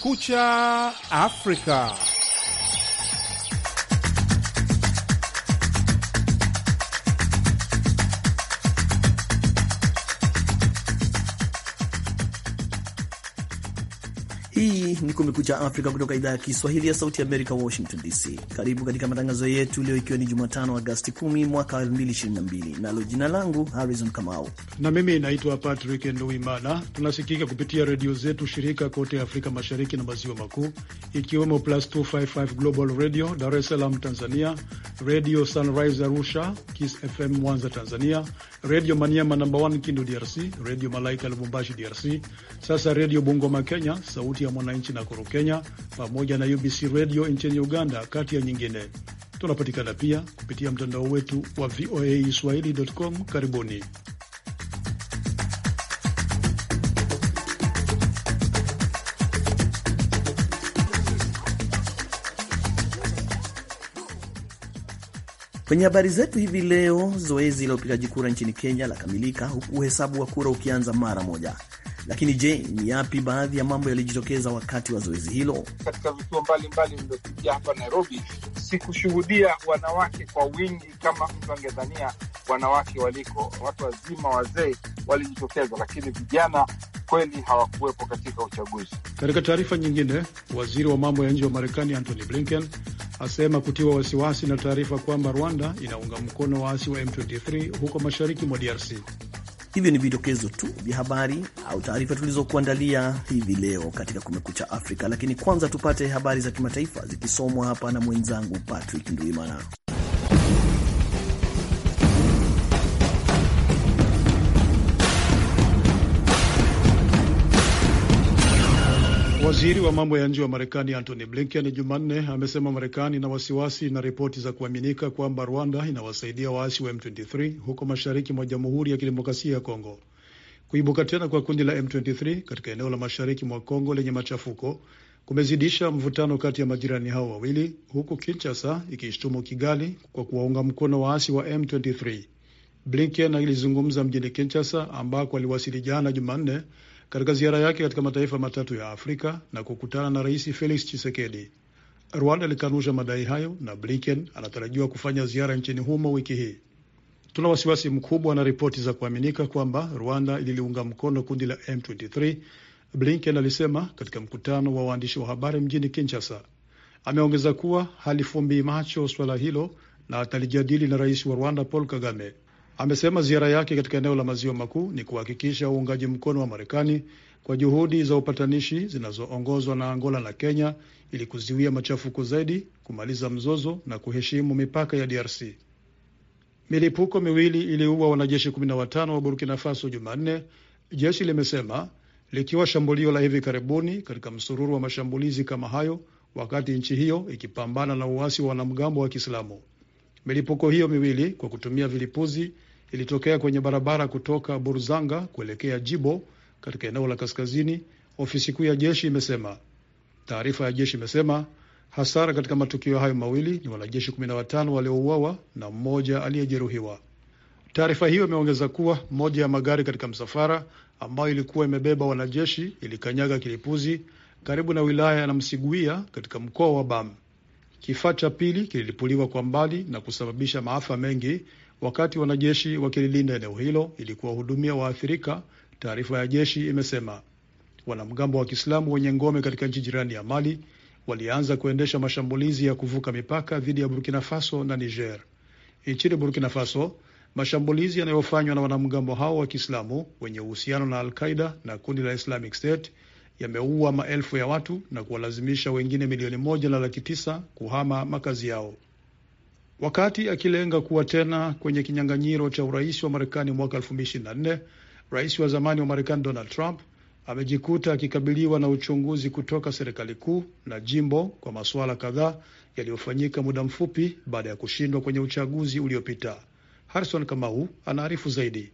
Kumekucha Afrika. Hii ni Kumekucha Afrika kutoka idhaa ya Kiswahili ya Sauti Amerika, Washington DC. Karibu katika matangazo yetu leo, ikiwa ni Jumatano Agasti 10 mwaka 2022, nalo jina langu Harrison Kamau na mimi naitwa Patrick Nduimana. Tunasikika kupitia redio zetu shirika kote Afrika Mashariki na Maziwa Makuu, ikiwemo Plus 255 Global Radio Dar es Salaam Tanzania, Radio Sunrise Arusha, Kiss FM Mwanza Tanzania, redio Maniema namba 1 Kindu DRC, Redio Malaika Lubumbashi DRC, sasa redio Bungoma Kenya, Sauti ya Mwananchi Nakuru, Kenya, pamoja na UBC redio nchini Uganda, kati ya nyingine. Tunapatikana pia kupitia mtandao wetu wa VOA Swahili.com. Karibuni. Kwenye habari zetu hivi leo, zoezi la upigaji kura nchini Kenya lakamilika huku uhesabu wa kura ukianza mara moja. Lakini je, ni yapi baadhi ya mambo yalijitokeza wakati wa zoezi hilo? Katika vituo mbalimbali vilivyopitia hapa Nairobi, sikushuhudia wanawake kwa wingi kama mtu angedhania wanawake waliko. Watu wazima, wazee walijitokeza, lakini vijana kweli hawakuwepo katika uchaguzi. Katika taarifa nyingine, waziri wa mambo ya nje wa Marekani Antony Blinken asema kutiwa wasiwasi na taarifa kwamba Rwanda inaunga mkono waasi wa M23 huko mashariki mwa DRC. Hivyo ni vidokezo tu vya habari au taarifa tulizokuandalia hivi leo katika Kumekucha Afrika, lakini kwanza tupate habari za kimataifa zikisomwa hapa na mwenzangu Patrick Ndwimana. Waziri wa mambo ya nje wa Marekani Antony Blinken Jumanne amesema Marekani ina wasiwasi na ripoti za kuaminika kwamba Rwanda inawasaidia waasi wa M23 huko mashariki mwa Jamhuri ya Kidemokrasia ya Kongo. Kuibuka tena kwa kundi la M23 katika eneo la mashariki mwa Kongo lenye machafuko kumezidisha mvutano kati ya majirani hao wawili, huku Kinshasa ikishtumu Kigali kwa kuwaunga mkono waasi wa M23. Blinken alizungumza mjini Kinshasa ambako aliwasili jana Jumanne katika ziara yake katika mataifa matatu ya Afrika na kukutana na Rais Felix Tshisekedi. Rwanda ilikanusha madai hayo na Blinken anatarajiwa kufanya ziara nchini humo wiki hii. Tuna wasiwasi mkubwa na ripoti za kuaminika kwamba Rwanda ililiunga mkono kundi la M23, Blinken alisema katika mkutano wa waandishi wa habari mjini Kinshasa. Ameongeza kuwa halifumbii macho swala hilo na atalijadili na rais wa Rwanda Paul Kagame amesema ziara yake katika eneo la maziwa makuu ni kuhakikisha uungaji mkono wa Marekani kwa juhudi za upatanishi zinazoongozwa na Angola na Kenya ili kuziwia machafuko zaidi, kumaliza mzozo na kuheshimu mipaka ya DRC. Milipuko miwili iliua wanajeshi 15 wa Burkina Faso Jumanne, jeshi limesema likiwa shambulio la hivi karibuni katika msururu wa mashambulizi kama hayo wakati nchi hiyo ikipambana na uasi wa wanamgambo wa Kiislamu. Milipuko hiyo miwili kwa kutumia vilipuzi ilitokea kwenye barabara kutoka Burzanga kuelekea Jibo katika eneo la kaskazini, ofisi kuu ya jeshi imesema. Taarifa ya jeshi imesema hasara katika matukio hayo mawili ni wanajeshi 15 waliouawa na mmoja aliyejeruhiwa. Taarifa hiyo imeongeza kuwa moja ya magari katika msafara ambayo ilikuwa imebeba wanajeshi ilikanyaga kilipuzi karibu na wilaya ya Namsiguia katika mkoa wa Bam. Kifaa cha pili kililipuliwa kwa mbali na kusababisha maafa mengi wakati wanajeshi wakililinda eneo hilo ili kuwahudumia waathirika, taarifa ya jeshi imesema. Wanamgambo wa Kiislamu wenye ngome katika nchi jirani ya Mali walianza kuendesha mashambulizi ya kuvuka mipaka dhidi ya Burkina Faso na Niger. Nchini Burkina Faso, mashambulizi yanayofanywa na wanamgambo hao wa Kiislamu wenye uhusiano na Al Qaida na kundi la Islamic State yameua maelfu ya watu na kuwalazimisha wengine milioni moja na laki tisa kuhama makazi yao. Wakati akilenga kuwa tena kwenye kinyang'anyiro cha urais wa Marekani mwaka 2024, rais wa zamani wa Marekani Donald Trump amejikuta akikabiliwa na uchunguzi kutoka serikali kuu na jimbo kwa masuala kadhaa yaliyofanyika muda mfupi baada ya kushindwa kwenye uchaguzi uliopita. Harrison Kamau anaarifu zaidi.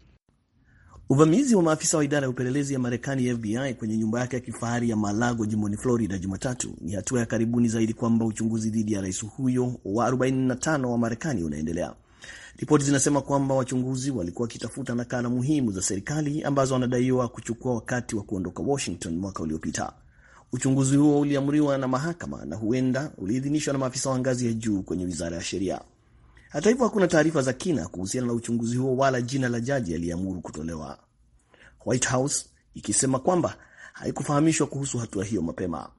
Uvamizi wa maafisa wa idara ya upelelezi ya Marekani ya FBI kwenye nyumba yake ya kifahari ya Malago jimboni Florida Jumatatu ni hatua ya karibuni zaidi kwamba uchunguzi dhidi ya rais huyo wa 45 wa Marekani unaendelea. Ripoti zinasema kwamba wachunguzi walikuwa wakitafuta nakala muhimu za serikali ambazo wanadaiwa kuchukua wakati wa kuondoka Washington mwaka uliopita. Uchunguzi huo uliamriwa na mahakama na huenda uliidhinishwa na maafisa wa ngazi ya juu kwenye wizara ya sheria. Hata hivyo hakuna taarifa za kina kuhusiana na uchunguzi huo wala jina la jaji aliyeamuru kutolewa, White House ikisema kwamba haikufahamishwa kuhusu hatua hiyo mapema.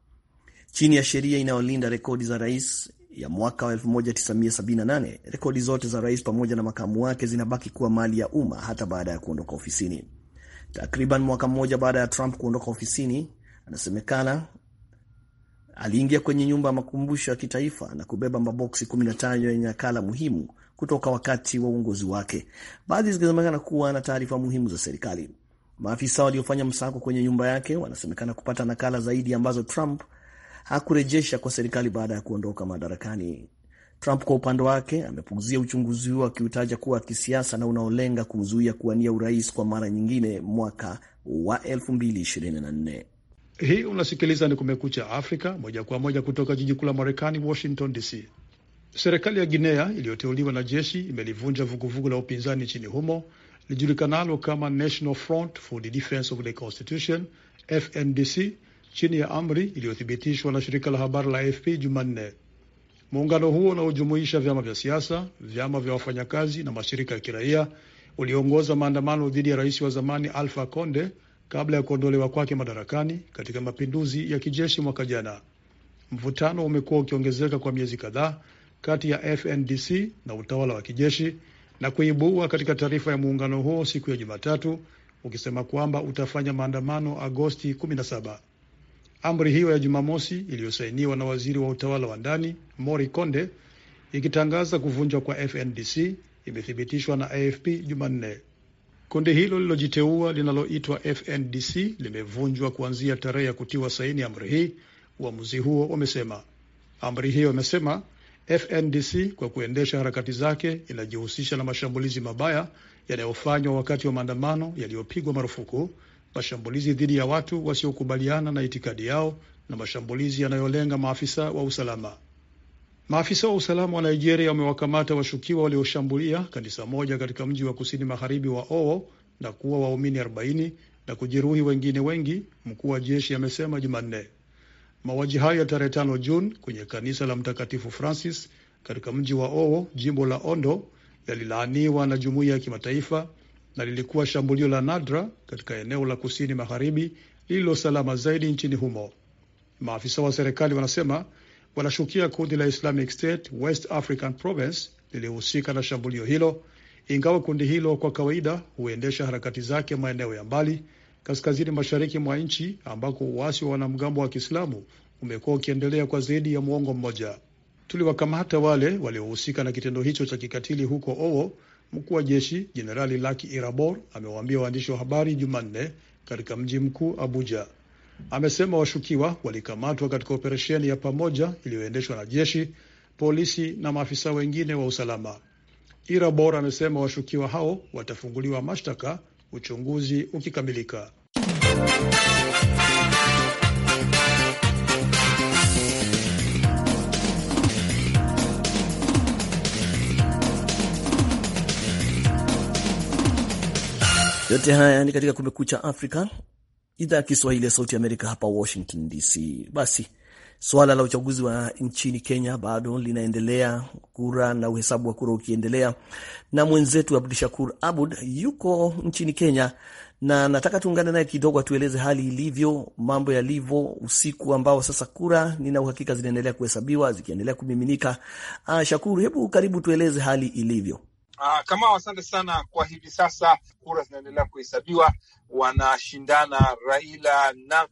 Chini ya sheria inayolinda rekodi za rais ya mwaka wa 1978 rekodi zote za rais pamoja na makamu wake zinabaki kuwa mali ya umma hata baada ya kuondoka ofisini. Takriban mwaka mmoja baada ya Trump kuondoka ofisini, anasemekana Aliingia kwenye nyumba ya makumbusho ya kitaifa na kubeba maboksi 15 yenye nakala muhimu kutoka wakati wa uongozi wake, baadhi zikisemekana kuwa na taarifa muhimu za serikali. Maafisa waliofanya msako kwenye nyumba yake wanasemekana kupata nakala zaidi ambazo Trump hakurejesha kwa serikali baada ya kuondoka madarakani. Trump kwa upande wake amepuzia uchunguzi huo akiutaja kuwa kisiasa na unaolenga kumzuia kuwania urais kwa mara nyingine mwaka wa 2024. Hii unasikiliza ni Kumekucha Afrika, moja kwa moja kutoka jiji kuu la Marekani, Washington DC. Serikali ya Guinea iliyoteuliwa na jeshi imelivunja vuguvugu la upinzani nchini humo lijulikanalo kama National Front for the Defense of the Constitution, FNDC, chini ya amri iliyothibitishwa na shirika la habari la AFP Jumanne. Muungano huo unaojumuisha vyama vya siasa, vyama vya wafanyakazi na mashirika ya kiraia uliongoza maandamano dhidi ya rais wa zamani Alpha Conde kabla ya kuondolewa kwake madarakani katika mapinduzi ya kijeshi mwaka jana. Mvutano umekuwa ukiongezeka kwa miezi kadhaa kati ya FNDC na utawala wa kijeshi na kuibua katika taarifa ya muungano huo siku ya Jumatatu ukisema kwamba utafanya maandamano Agosti 17. Amri hiyo ya Jumamosi iliyosainiwa na waziri wa utawala wa ndani Mori Konde ikitangaza kuvunjwa kwa FNDC imethibitishwa na AFP Jumanne. Kundi hilo lilojiteua linaloitwa FNDC limevunjwa kuanzia tarehe ya kutiwa saini amri hii, uamuzi huo wamesema. Amri hiyo imesema FNDC kwa kuendesha harakati zake inajihusisha na mashambulizi mabaya yanayofanywa wakati wa maandamano yaliyopigwa marufuku, mashambulizi dhidi ya watu wasiokubaliana na itikadi yao na mashambulizi yanayolenga maafisa wa usalama. Maafisa wa usalama wa Nigeria wamewakamata washukiwa walioshambulia kanisa moja katika mji wa kusini magharibi wa Owo na kuwa waumini 40 na kujeruhi wengine wengi, mkuu wa jeshi amesema Jumanne. Mauaji hayo ya tarehe 5 Juni kwenye kanisa la Mtakatifu Francis katika mji wa Owo, jimbo la Ondo, yalilaaniwa na jumuiya ya kimataifa na lilikuwa shambulio la nadra katika eneo la kusini magharibi lililo salama zaidi nchini humo. Maafisa wa serikali wanasema wanashukia kundi la Islamic State West African Province lilihusika na shambulio hilo, ingawa kundi hilo kwa kawaida huendesha harakati zake maeneo ya mbali kaskazini mashariki mwa nchi ambako uasi wa wanamgambo wa Kiislamu umekuwa ukiendelea kwa zaidi ya muongo mmoja. Tuliwakamata wale waliohusika na kitendo hicho cha kikatili huko Owo, mkuu wa jeshi Jenerali Laki Irabor amewaambia waandishi wa habari Jumanne katika mji mkuu Abuja amesema washukiwa walikamatwa katika operesheni ya pamoja iliyoendeshwa na jeshi, polisi na maafisa wengine wa usalama. Ira Bor amesema washukiwa hao watafunguliwa mashtaka uchunguzi ukikamilika. Yote haya ni katika Kumekucha Afrika idhaa ya Kiswahili ya Sauti Amerika hapa Washington DC. Basi swala la uchaguzi wa nchini Kenya bado linaendelea, kura na uhesabu wa kura ukiendelea, na mwenzetu Abdu Shakur Abud yuko nchini Kenya na nataka tuungane naye kidogo, atueleze hali ilivyo, mambo yalivyo usiku ambao sasa kura nina uhakika zinaendelea kuhesabiwa zikiendelea kumiminika. Ah, Shakuru, hebu karibu tueleze hali ilivyo. Uh, ah, Kamau, asante sana. Kwa hivi sasa kura zinaendelea kuhesabiwa, wanashindana Raila na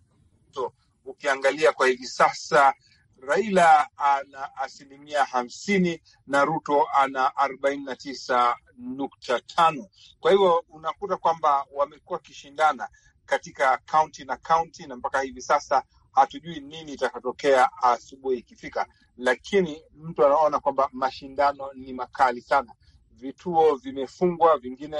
Ruto. Ukiangalia kwa hivi sasa Raila ana asilimia hamsini na Ruto ana arobaini na tisa nukta tano. Kwa hivyo unakuta kwamba wamekuwa wakishindana katika kaunti na kaunti, na mpaka hivi sasa hatujui nini itakatokea asubuhi ikifika, lakini mtu anaona kwamba mashindano ni makali sana vituo vimefungwa, vingine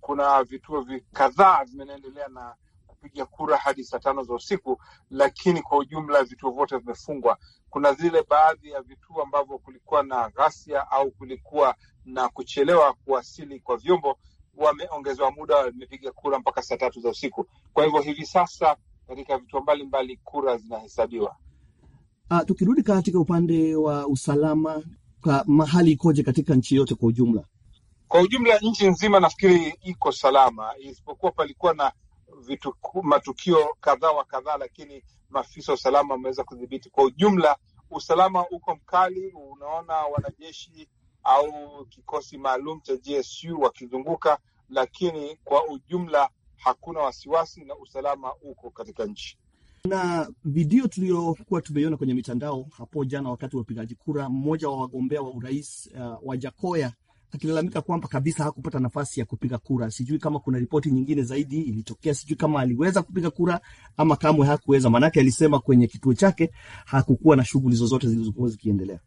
kuna vituo kadhaa vimeendelea na kupiga kura hadi saa tano za usiku, lakini kwa ujumla vituo vyote vimefungwa. Kuna zile baadhi ya vituo ambavyo kulikuwa na ghasia au kulikuwa na kuchelewa kuwasili kwa vyombo, wameongezewa muda, wamepiga kura mpaka saa tatu za usiku. Kwa hivyo hivi sasa katika vituo mbalimbali kura zinahesabiwa. Uh, tukirudi katika upande wa usalama, mahali ikoje katika nchi yote kwa ujumla? Kwa ujumla nchi nzima nafikiri iko salama, isipokuwa palikuwa na vitu, matukio kadhaa wa kadhaa, lakini maafisa wa usalama wameweza kudhibiti. Kwa ujumla usalama uko mkali, unaona wanajeshi au kikosi maalum cha GSU wakizunguka, lakini kwa ujumla hakuna wasiwasi na usalama uko katika nchi. Na video tuliyokuwa tumeiona kwenye mitandao hapo jana, wakati wa upigaji kura, mmoja wa wagombea wa urais uh, wa Jakoya akilalamika kwamba kabisa hakupata nafasi ya kupiga kura. Sijui kama kuna ripoti nyingine zaidi ilitokea, sijui kama aliweza kupiga kura ama kamwe hakuweza, maanake alisema kwenye kituo chake hakukuwa na shughuli zozote zilizokuwa zikiendelea.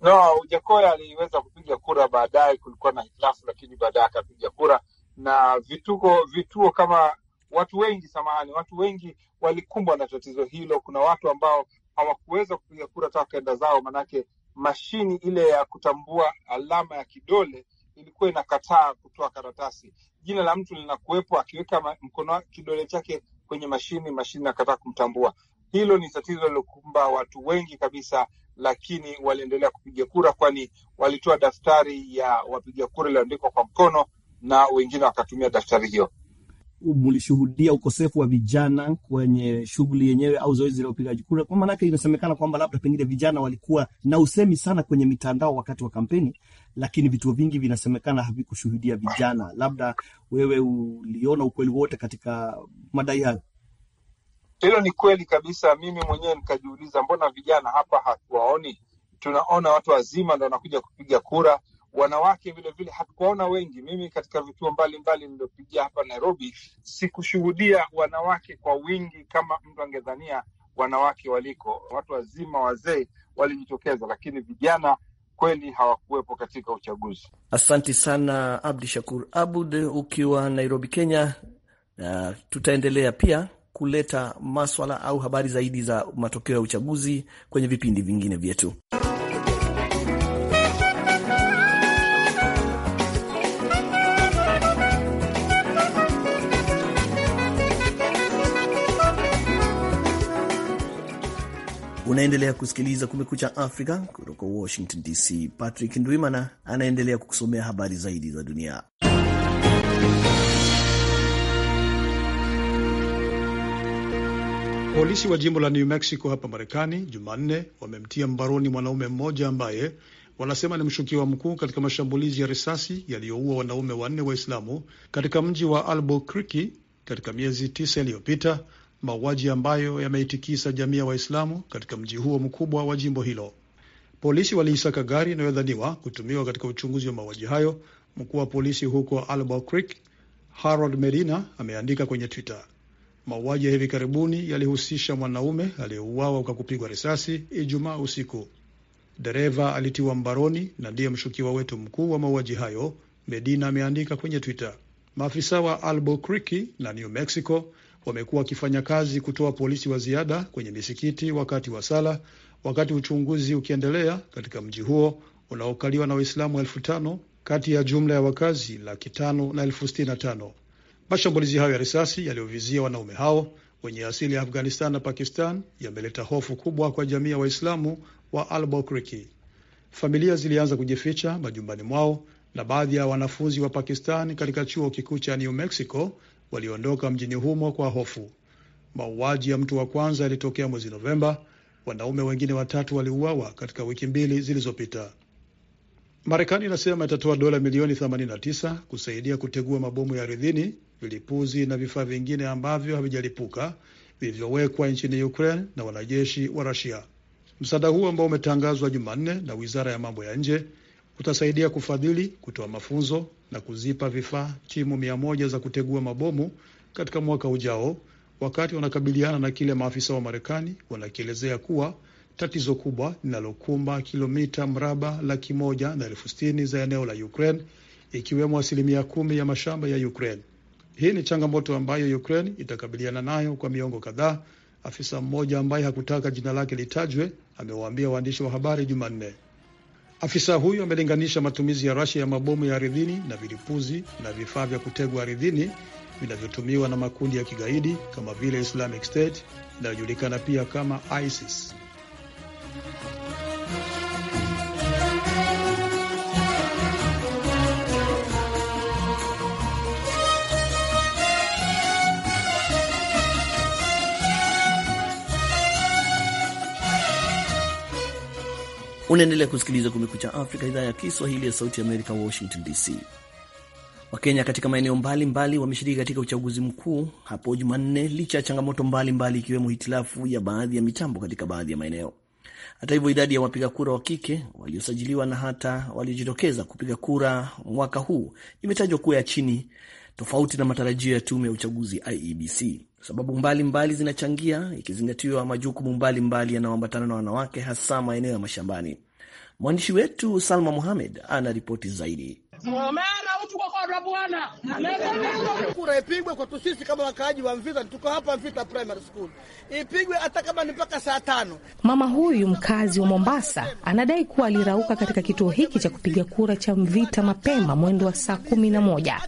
No, Ujakora aliweza kupiga kura baadaye, kulikuwa na hitilafu, lakini baadaye akapiga kura na vituko, vituo kama watu wengi samahani, watu wengi walikumbwa na tatizo hilo. Kuna watu ambao hawakuweza kupiga kura hata kaenda zao, manake mashini ile ya kutambua alama ya kidole ilikuwa inakataa kutoa karatasi. Jina la mtu linakuwepo, akiweka mkono kidole chake kwenye mashini, mashini inakataa kumtambua. Hilo ni tatizo lilokumba watu wengi kabisa, lakini waliendelea kupiga kura, kwani walitoa daftari ya wapiga kura iliyoandikwa kwa mkono na wengine wakatumia daftari hiyo mlishuhudia ukosefu wa vijana kwenye shughuli yenyewe au zoezi la upigaji kura? Kwa maanake inasemekana kwamba labda pengine vijana walikuwa na usemi sana kwenye mitandao wakati wa kampeni, lakini vituo vingi vinasemekana havikushuhudia vijana. Labda wewe uliona ukweli wote katika madai hayo? Hilo ni kweli kabisa. Mimi mwenyewe nikajiuliza, mbona vijana hapa hatuwaoni? Tunaona watu wazima ndo wanakuja kupiga kura wanawake vilevile hatukuwaona wengi. Mimi katika vituo mbalimbali nilivyopigia hapa Nairobi sikushuhudia wanawake kwa wingi kama mtu angedhania wanawake waliko. Watu wazima, wazee walijitokeza, lakini vijana kweli hawakuwepo katika uchaguzi. asanti sana Abdi Shakur Abud ukiwa Nairobi, Kenya. Uh, tutaendelea pia kuleta maswala au habari zaidi za matokeo ya uchaguzi kwenye vipindi vingine vyetu. Unaendelea kusikiliza Kumekucha Afrika kutoka Washington DC. Patrick Ndwimana anaendelea kukusomea habari zaidi za dunia. Polisi wa jimbo la New Mexico hapa Marekani Jumanne wamemtia mbaroni mwanaume mmoja ambaye wanasema ni mshukiwa mkuu katika mashambulizi ya risasi yaliyoua wanaume wanne Waislamu katika mji wa Albuquerque katika miezi tisa iliyopita mauaji ambayo yameitikisa jamii ya Waislamu katika mji huo mkubwa wa jimbo hilo. Polisi waliisaka gari inayodhaniwa kutumiwa katika uchunguzi wa mauaji hayo. Mkuu wa polisi huko crik Harold Medina, ameandika kwenye Twitter, mauaji ya hivi karibuni yalihusisha mwanaume aliyeuawa kwa kupigwa risasi Ijumaa usiku. Dereva alitiwa mbaroni na ndiye mshukiwa wetu mkuu wa mauaji hayo, Medina ameandika kwenye Twitter. Maafisa wa Albuquerque na New Mexico wamekuwa wakifanya kazi kutoa polisi wa ziada kwenye misikiti wakati wa sala, wakati uchunguzi ukiendelea katika mji huo unaokaliwa na Waislamu elfu tano kati ya jumla ya wakazi laki tano na elfu sitini na tano. Mashambulizi hayo ya risasi yaliyovizia wanaume hao wenye asili ya Afghanistan na Pakistan yameleta hofu kubwa kwa jamii ya Waislamu wa albokriki Familia zilianza kujificha majumbani mwao na baadhi ya wanafunzi wa Pakistan katika chuo kikuu cha New Mexico waliondoka mjini humo kwa hofu. Mauaji ya mtu wa kwanza yalitokea mwezi Novemba. Wanaume wengine watatu waliuawa katika wiki mbili zilizopita. Marekani inasema itatoa dola milioni 89 kusaidia kutegua mabomu ya ardhini, vilipuzi na vifaa vingine ambavyo havijalipuka vilivyowekwa nchini Ukraine na wanajeshi wa Rusia. Msaada huo ambao umetangazwa Jumanne na wizara ya mambo ya nje kutasaidia kufadhili, kutoa mafunzo na kuzipa vifaa timu mia moja za kutegua mabomu katika mwaka ujao, wakati wanakabiliana na kile maafisa wa Marekani wanakielezea kuwa tatizo kubwa linalokumba kilomita mraba laki moja na elfu sitini za eneo la Ukraine, ikiwemo asilimia kumi ya mashamba ya Ukraine. Hii ni changamoto ambayo Ukraine itakabiliana nayo kwa miongo kadhaa, afisa mmoja ambaye hakutaka jina lake litajwe amewaambia waandishi wa habari Jumanne. Afisa huyo amelinganisha matumizi ya Rasia ya mabomu ya ardhini na vilipuzi na vifaa vya kutegwa ardhini vinavyotumiwa na makundi ya kigaidi kama vile Islamic State inayojulikana pia kama ISIS. Unaendelea kusikiliza Kumekucha Afrika, idhaa ya Kiswahili ya Sauti ya Amerika, Washington DC. Wakenya katika maeneo mbalimbali wameshiriki katika uchaguzi mkuu hapo Jumanne licha ya changamoto mbalimbali ikiwemo hitilafu ya baadhi ya mitambo katika baadhi ya maeneo. Hata hivyo, idadi ya wapiga kura wa kike waliosajiliwa na hata waliojitokeza kupiga kura mwaka huu imetajwa kuwa ya chini tofauti na matarajio ya tume ya uchaguzi IEBC. Sababu mbalimbali mbali zinachangia, ikizingatiwa majukumu mbalimbali yanayoambatana na wanawake, hasa maeneo ya mashambani. Mwandishi wetu Salma muhamed ana ripoti zaidi. Mama! na Bwana. Kura ipigwe kwa sisi kama wakaaji wa Mvita, tuko hapa Mvita Primary School, ipigwe hata kama ni mpaka saa tano. Mama huyu mkazi wa Mombasa anadai kuwa alirauka katika kituo hiki cha kupiga kura cha Mvita mapema mwendo wa saa kumi na moja,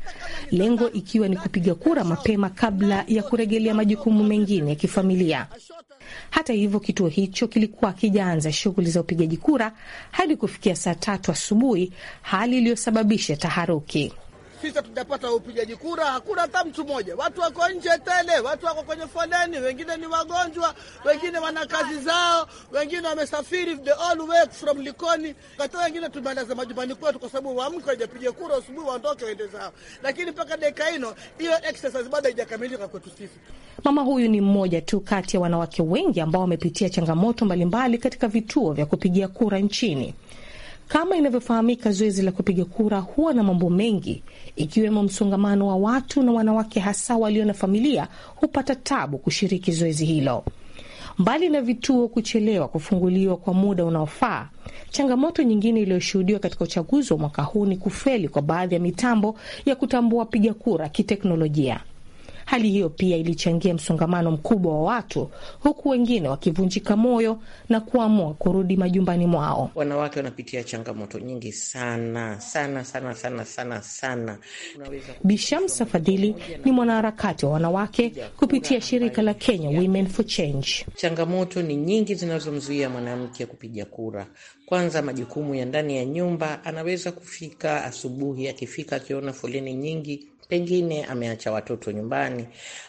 lengo ikiwa ni kupiga kura mapema kabla ya kuregelea majukumu mengine ya kifamilia. Hata hivyo, kituo hicho kilikuwa akijaanza shughuli za upigaji kura hadi kufikia saa tatu asubuhi, hali iliyosababisha taharuki sisi hatujapata upigaji kura, hakuna hata mtu mmoja. Watu wako nje tele, watu wako kwenye foleni, wengine ni wagonjwa, wengine wana kazi zao, wengine wamesafiri the all way from Likoni, hata wengine tumeandaza majumbani kwetu, kwa sababu waamke wajapiga kura asubuhi, waondoke waende zao, lakini mpaka dakika hino hiyo exercise bado haijakamilika kwetu sisi. Mama huyu ni mmoja tu kati ya wanawake wengi ambao wamepitia changamoto mbalimbali katika vituo vya kupigia kura nchini. Kama inavyofahamika, zoezi la kupiga kura huwa na mambo mengi, ikiwemo msongamano wa watu, na wanawake hasa walio na familia hupata tabu kushiriki zoezi hilo. Mbali na vituo kuchelewa kufunguliwa kwa muda unaofaa, changamoto nyingine iliyoshuhudiwa katika uchaguzi wa mwaka huu ni kufeli kwa baadhi ya mitambo ya kutambua wapiga kura kiteknolojia. Hali hiyo pia ilichangia msongamano mkubwa wa watu, huku wengine wakivunjika moyo na kuamua kurudi majumbani mwao. Wanawake wanapitia changamoto nyingi sana sana sana sana sana sana. Bishamsa Fadhili ni mwanaharakati wa wanawake kupitia shirika la Kenya Women for Change. Changamoto ni nyingi zinazomzuia mwanamke kupiga kura. Kwanza, majukumu ya ndani ya nyumba. Anaweza kufika asubuhi, akifika akiona foleni nyingi pengine ameacha watoto nyumbani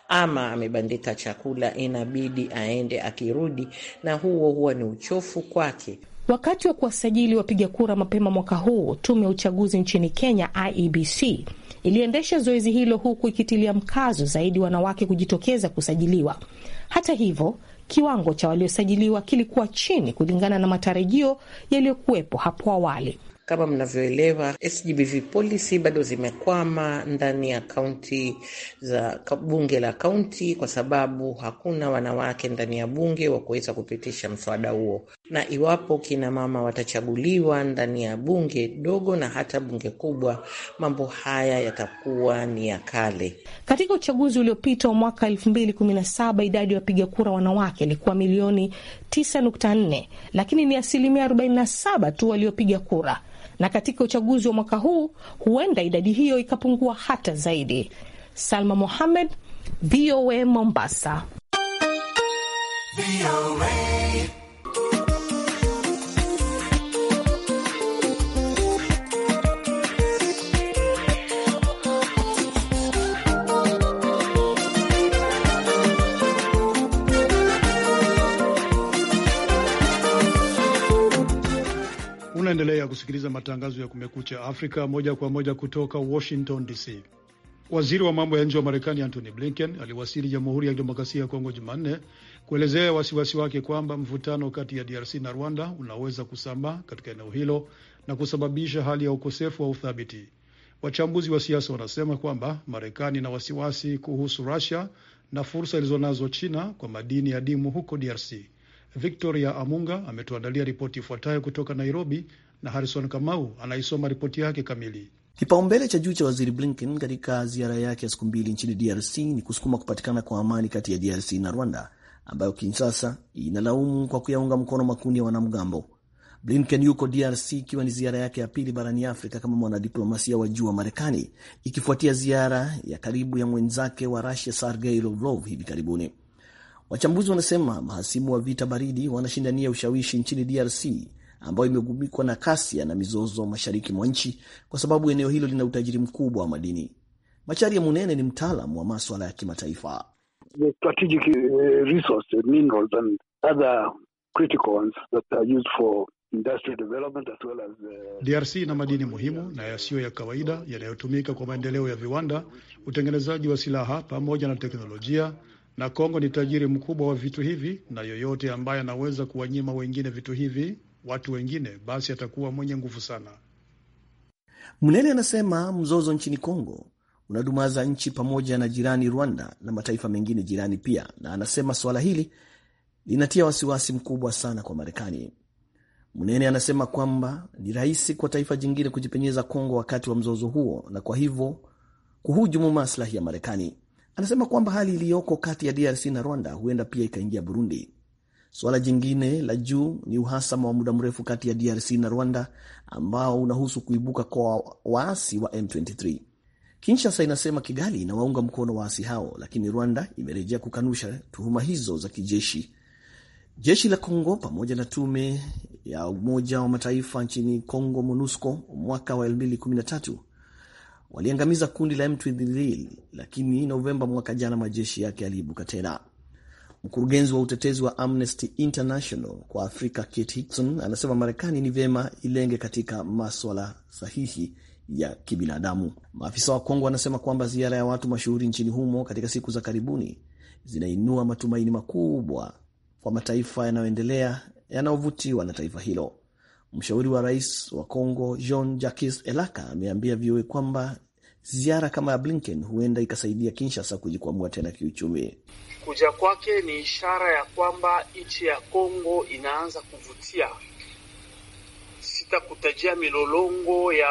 ama amebandika chakula, inabidi aende akirudi, na huo huwa ni uchofu kwake. Wakati wa kuwasajili wapiga kura mapema mwaka huu, tume ya uchaguzi nchini Kenya IEBC iliendesha zoezi hilo huku ikitilia mkazo zaidi wanawake kujitokeza kusajiliwa. Hata hivyo, kiwango cha waliosajiliwa kilikuwa chini kulingana na matarajio yaliyokuwepo hapo awali. Kama mnavyoelewa, SGBV policy bado zimekwama ndani ya kaunti za bunge la kaunti, kwa sababu hakuna wanawake ndani ya bunge wa kuweza kupitisha mswada huo, na iwapo kina mama watachaguliwa ndani ya bunge dogo na hata bunge kubwa, mambo haya yatakuwa ni ya kale. Katika uchaguzi uliopita wa mwaka 2017 idadi ya wapiga kura wanawake ilikuwa milioni 9.4, lakini ni asilimia 47 tu waliopiga kura na katika uchaguzi wa mwaka huu huenda idadi hiyo ikapungua hata zaidi. Salma Mohamed, VOA Mombasa. Unaendelea kusikiliza matangazo ya Kumekucha Afrika moja kwa moja kutoka Washington DC. Waziri wa mambo ya nje wa Marekani Antony Blinken aliwasili Jamhuri ya Kidemokrasia ya Kongo Jumanne kuelezea wasiwasi wake kwamba mvutano kati ya DRC na Rwanda unaweza kusambaa katika eneo hilo na kusababisha hali ya ukosefu wa uthabiti. Wachambuzi wa siasa wanasema kwamba Marekani ina wasiwasi kuhusu Rusia na fursa ilizonazo China kwa madini ya dimu huko DRC. Victoria Amunga ametuandalia ripoti ifuatayo kutoka Nairobi na Harrison Kamau anaisoma ripoti yake kamili. Kipaumbele cha juu cha Waziri Blinken katika ziara yake ya siku mbili nchini DRC ni kusukuma kupatikana kwa amani kati ya DRC na Rwanda ambayo Kinshasa inalaumu kwa kuyaunga mkono makundi ya wanamgambo. Blinken yuko DRC ikiwa ni ziara yake ya pili barani Afrika kama mwanadiplomasia wa juu wa Marekani, ikifuatia ziara ya karibu ya mwenzake wa Rusia Sergei Lavrov hivi karibuni. Wachambuzi wanasema mahasimu wa vita baridi wanashindania ushawishi nchini DRC ambayo imegubikwa na kasia na mizozo mashariki mwa nchi kwa sababu eneo hilo lina utajiri mkubwa wa madini. Macharia Munene ni mtaalam wa maswala ya kimataifa. DRC eh, eh, ina madini muhimu na yasiyo ya kawaida yanayotumika kwa maendeleo ya viwanda, utengenezaji wa silaha pamoja na teknolojia na Kongo ni tajiri mkubwa wa vitu hivi, na yoyote ambaye anaweza kuwanyima wengine vitu hivi, watu wengine, basi atakuwa mwenye nguvu sana. Mnene anasema mzozo nchini Kongo unadumaza nchi pamoja na jirani Rwanda na mataifa mengine jirani pia, na anasema suala hili linatia wasiwasi mkubwa sana kwa Marekani. Mnene anasema kwamba ni rahisi kwa taifa jingine kujipenyeza Kongo wakati wa mzozo huo, na kwa hivyo kuhujumu maslahi ya Marekani. Anasema kwamba hali iliyoko kati ya DRC na Rwanda huenda pia ikaingia Burundi. Suala jingine la juu ni uhasama wa muda mrefu kati ya DRC na Rwanda ambao unahusu kuibuka kwa waasi wa M23. Kinshasa inasema Kigali inawaunga mkono waasi hao, lakini Rwanda imerejea kukanusha tuhuma hizo za kijeshi. Jeshi la Kongo pamoja na tume ya Umoja wa Mataifa nchini Kongo, MONUSCO, mwaka wa waliangamiza kundi la M23, lakini Novemba mwaka jana majeshi yake yaliibuka tena. Mkurugenzi wa utetezi wa Amnesty International kwa Afrika, Kate Hickson, anasema Marekani ni vyema ilenge katika maswala sahihi ya kibinadamu. Maafisa wa Kongo wanasema kwamba ziara ya watu mashuhuri nchini humo katika siku za karibuni zinainua matumaini makubwa kwa mataifa yanayoendelea yanayovutiwa na taifa hilo. Mshauri wa rais wa Congo Jean Jacques Elaka ameambia VOA kwamba ziara kama ya Blinken huenda ikasaidia Kinshasa kujikwamua tena kiuchumi. Kuja kwake ni ishara ya kwamba nchi ya congo inaanza kuvutia. Sitakutajia milolongo ya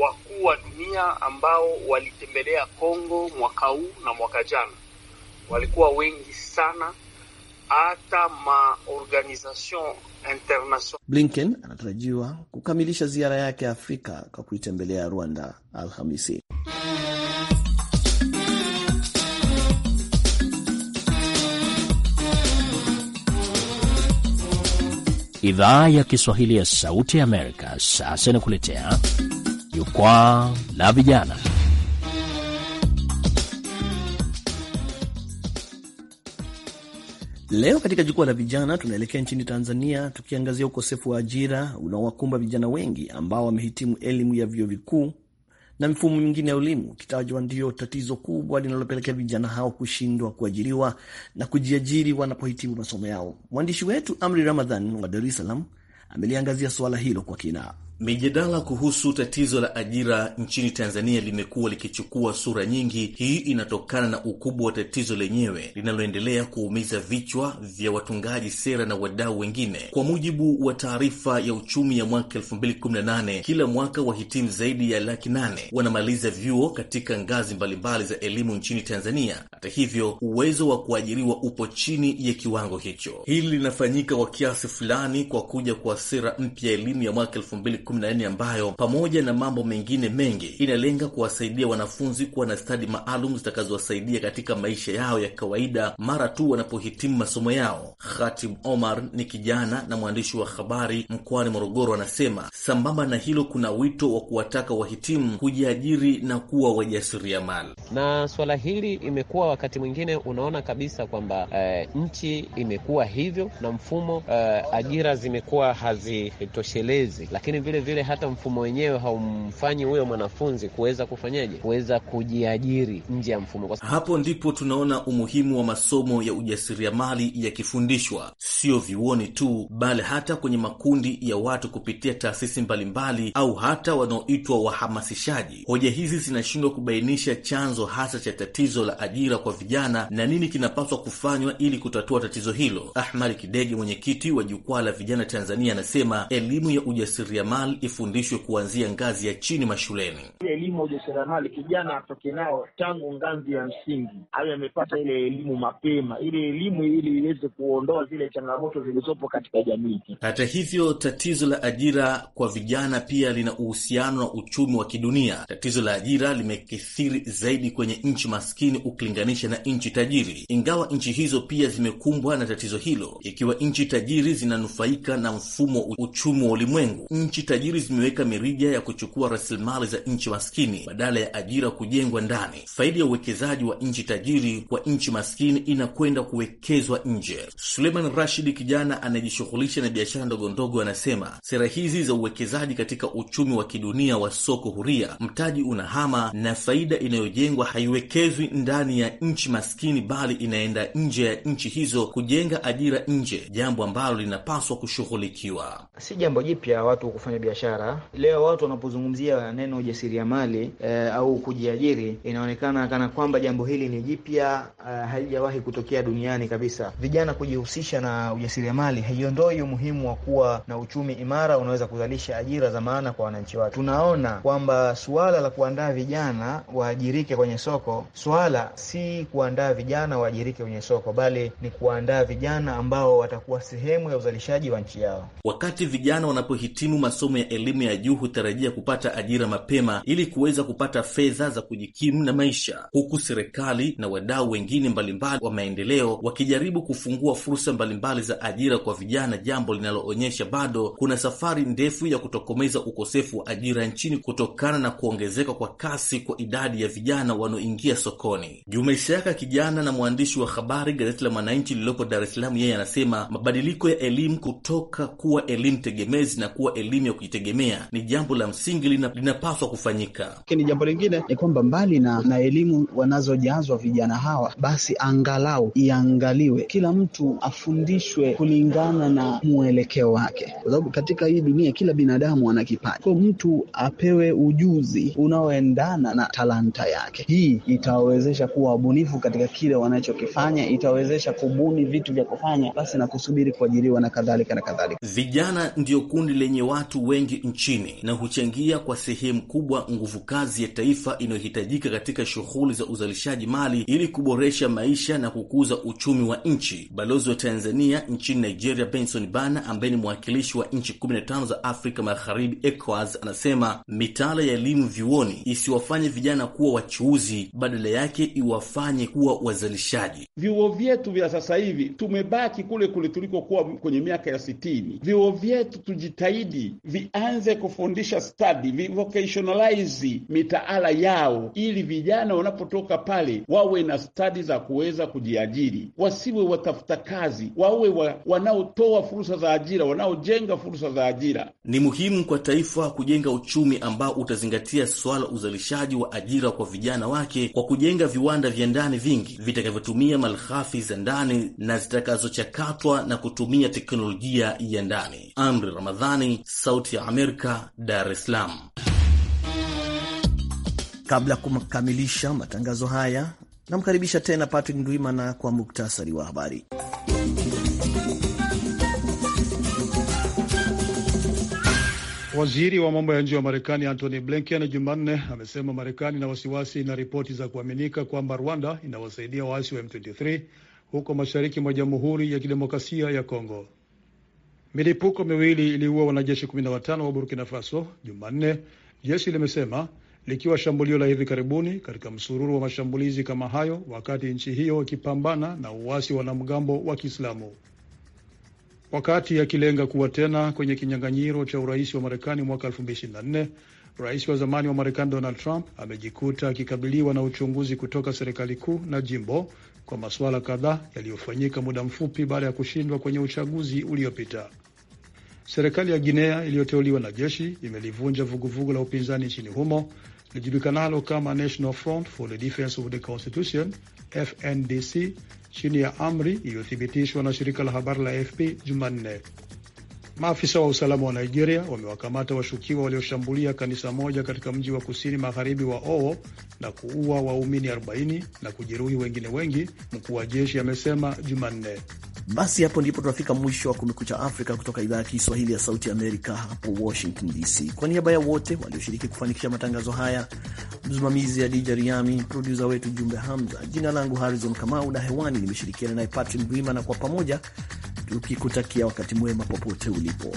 wakuu wa dunia ambao walitembelea congo mwaka huu na mwaka jana, walikuwa wengi sana hata maorganization international. Blinken anatarajiwa kukamilisha ziara yake ya Afrika kwa kuitembelea Rwanda Alhamisi. Idhaa ya Kiswahili ya Sauti ya Amerika sasa inakuletea jukwaa la vijana Leo katika jukwaa la vijana tunaelekea nchini Tanzania, tukiangazia ukosefu wa ajira unaowakumba vijana wengi ambao wamehitimu elimu ya vyuo vikuu na mifumo mingine ya elimu kitajwa ndiyo tatizo kubwa linalopelekea vijana hao kushindwa kuajiriwa na kujiajiri wanapohitimu masomo yao. Mwandishi wetu Amri Ramadhan wa Dar es Salaam ameliangazia suala hilo kwa kina. Mijadala kuhusu tatizo la ajira nchini Tanzania limekuwa likichukua sura nyingi. Hii inatokana na ukubwa wa tatizo lenyewe linaloendelea kuumiza vichwa vya watungaji sera na wadau wengine. Kwa mujibu wa taarifa ya uchumi ya mwaka 2018, kila mwaka wahitimu zaidi ya laki nane wanamaliza vyuo katika ngazi mbalimbali za elimu nchini Tanzania. Hata hivyo, uwezo wa kuajiriwa upo chini ya kiwango hicho. Hili linafanyika kwa kiasi fulani kwa kuja kwa sera mpya ya elimu ya mwaka 14 ambayo pamoja na mambo mengine mengi inalenga kuwasaidia wanafunzi kuwa na stadi maalum zitakazowasaidia katika maisha yao ya kawaida mara tu wanapohitimu masomo yao. Khatib Omar ni kijana na mwandishi wa habari mkoani Morogoro, anasema sambamba na hilo, kuna wito wa kuwataka wahitimu kujiajiri na kuwa wajasiriamali. Na swala hili imekuwa wakati mwingine unaona kabisa kwamba e, nchi imekuwa hivyo na mfumo e, ajira zimekuwa hazitoshelezi, lakini vile vile vile hata mfumo wenyewe haumfanyi huyo mwanafunzi kuweza kufanyaje, kuweza kujiajiri nje ya mfumo. Kwa hapo ndipo tunaona umuhimu wa masomo ya ujasiriamali yakifundishwa sio viuoni tu, bali hata kwenye makundi ya watu kupitia taasisi mbalimbali au hata wanaoitwa wahamasishaji. Hoja hizi zinashindwa kubainisha chanzo hasa cha tatizo la ajira kwa vijana na nini kinapaswa kufanywa ili kutatua tatizo hilo. Ahmad Kidege, mwenyekiti wa Jukwaa la Vijana Tanzania, anasema elimu ya ujasiriamali ujasiriamali ifundishwe kuanzia ngazi ya chini mashuleni. Elimu ya ujasiriamali kijana atoke nao tangu ngazi ya msingi, awe amepata ile elimu mapema, ile elimu ili iweze kuondoa zile changamoto zilizopo katika jamii. Hata hivyo, tatizo la ajira kwa vijana pia lina uhusiano na uchumi wa kidunia. Tatizo la ajira limekithiri zaidi kwenye nchi maskini ukilinganisha na nchi tajiri, ingawa nchi hizo pia zimekumbwa na tatizo hilo. Ikiwa nchi tajiri zinanufaika na mfumo uchumi wa ulimwengu, nchi tajiri zimeweka mirija ya kuchukua rasilimali za nchi maskini badala ya ajira kujengwa ndani. Faida ya uwekezaji wa nchi tajiri kwa nchi maskini inakwenda kuwekezwa nje. Suleiman Rashidi, kijana anayejishughulisha na biashara ndogondogo, anasema sera hizi za uwekezaji katika uchumi wa kidunia wa soko huria, mtaji unahama na faida inayojengwa haiwekezwi ndani ya nchi maskini, bali inaenda nje ya nchi hizo kujenga ajira nje, jambo ambalo linapaswa kushughulikiwa. Si jambo jipya watu kufanya biashara. Leo watu wanapozungumzia neno ujasiriamali e, au kujiajiri, inaonekana kana kwamba jambo hili ni jipya, eh, halijawahi kutokea duniani kabisa. Vijana kujihusisha na ujasiriamali haiondoi umuhimu wa kuwa na uchumi imara unaweza kuzalisha ajira za maana kwa wananchi wake. Tunaona kwamba suala la kuandaa vijana waajirike kwenye soko, suala si kuandaa vijana waajirike kwenye soko, bali ni kuandaa vijana ambao watakuwa sehemu ya uzalishaji wa nchi yao. Wakati vijana wanapohitimu masomo ya elimu ya juu hutarajia kupata ajira mapema ili kuweza kupata fedha za kujikimu na maisha, huku serikali na wadau wengine mbalimbali wa maendeleo wakijaribu kufungua fursa mbalimbali za ajira kwa vijana, jambo linaloonyesha bado kuna safari ndefu ya kutokomeza ukosefu wa ajira nchini kutokana na kuongezeka kwa kasi kwa idadi ya vijana wanaoingia sokoni. Juma kijana na mwandishi wa habari gazeti la Mwananchi lililopo Dar es Salaam, yeye anasema mabadiliko ya elimu kutoka kuwa elimu tegemezi na kuwa elimu ya kujitegemea ni jambo la msingi linapaswa kufanyika. Lakini jambo lingine ni kwamba mbali na, na elimu wanazojazwa vijana hawa, basi angalau iangaliwe, kila mtu afundishwe kulingana na mwelekeo wake, kwa sababu katika hii dunia kila binadamu ana kipaji. Kwa mtu apewe ujuzi unaoendana na talanta yake. Hii itawawezesha kuwa wabunifu katika kile wanachokifanya, itawezesha kubuni vitu vya kufanya basi na kusubiri kuajiriwa na kadhalika na kadhalika. Vijana ndio kundi lenye watu wengi nchini na huchangia kwa sehemu kubwa nguvu kazi ya taifa inayohitajika katika shughuli za uzalishaji mali ili kuboresha maisha na kukuza uchumi wa nchi. Balozi wa Tanzania nchini Nigeria, Benson Bana, ambaye ni mwakilishi wa nchi 15 za Afrika Magharibi, ECOWAS, anasema mitaala ya elimu vyuoni isiwafanye vijana kuwa wachuuzi, badala yake iwafanye kuwa wazalishaji. Vyuo vyetu vya sasa hivi tumebaki kule kule tulikokuwa kwenye miaka ya sitini. Vyuo vyetu tujitahidi vianze kufundisha study, vivocationalize mitaala yao, ili vijana wanapotoka pale wawe na stadi za kuweza kujiajiri, wasiwe watafuta kazi, wawe wa, wanaotoa fursa za ajira, wanaojenga fursa za ajira. Ni muhimu kwa taifa kujenga uchumi ambao utazingatia swala uzalishaji wa ajira kwa vijana wake kwa kujenga viwanda vya ndani vingi vitakavyotumia malighafi za ndani na zitakazochakatwa na kutumia teknolojia ya ndani. Amri Ramadhani, Sauti Sauti ya Amerika, Dar es Salaam. Kabla ya kukamilisha matangazo haya, namkaribisha tena Patrick Ndwimana kwa muktasari wa habari. Waziri wa mambo ya nje wa Marekani Antony Blinken Jumanne amesema Marekani ina wasiwasi na ripoti za kuaminika kwamba Rwanda inawasaidia waasi wa M23 huko mashariki mwa Jamhuri ya Kidemokrasia ya Kongo. Milipuko miwili iliua wanajeshi 15 wa Burkina Faso Jumanne, jeshi limesema likiwa shambulio la hivi karibuni katika msururu wa mashambulizi kama hayo wakati nchi hiyo ikipambana na uasi wa wanamgambo wa Kiislamu. Wakati akilenga kuwa tena kwenye kinyang'anyiro cha urais wa Marekani mwaka 2024, rais wa zamani wa Marekani Donald Trump amejikuta akikabiliwa na uchunguzi kutoka serikali kuu na jimbo kwa masuala kadhaa yaliyofanyika muda mfupi baada ya kushindwa kwenye uchaguzi uliopita. Serikali ya Guinea iliyoteuliwa na jeshi imelivunja vuguvugu la upinzani nchini humo lijulikanalo kama National Front for the Defense of the Constitution, FNDC, chini ya amri iliyothibitishwa na shirika la habari la AFP Jumanne. Maafisa wa usalama wa Nigeria wamewakamata washukiwa walioshambulia kanisa moja katika mji wa kusini magharibi wa Owo na kuua waumini 40 na kujeruhi wengine wengi, mkuu wa jeshi amesema Jumanne. Basi hapo ndipo tunafika mwisho wa Kumekucha Afrika kutoka idhaa ya Kiswahili ya Sauti Amerika, hapo Washington DC. Kwa niaba ya wote walioshiriki kufanikisha matangazo haya, msimamizi ya Dija Riami, produsa wetu Jumbe Hamza, jina langu Harrison Kamau na hewani nimeshirikiana naye Patrick Bwima, na kwa pamoja tukikutakia wakati mwema popote ulipo.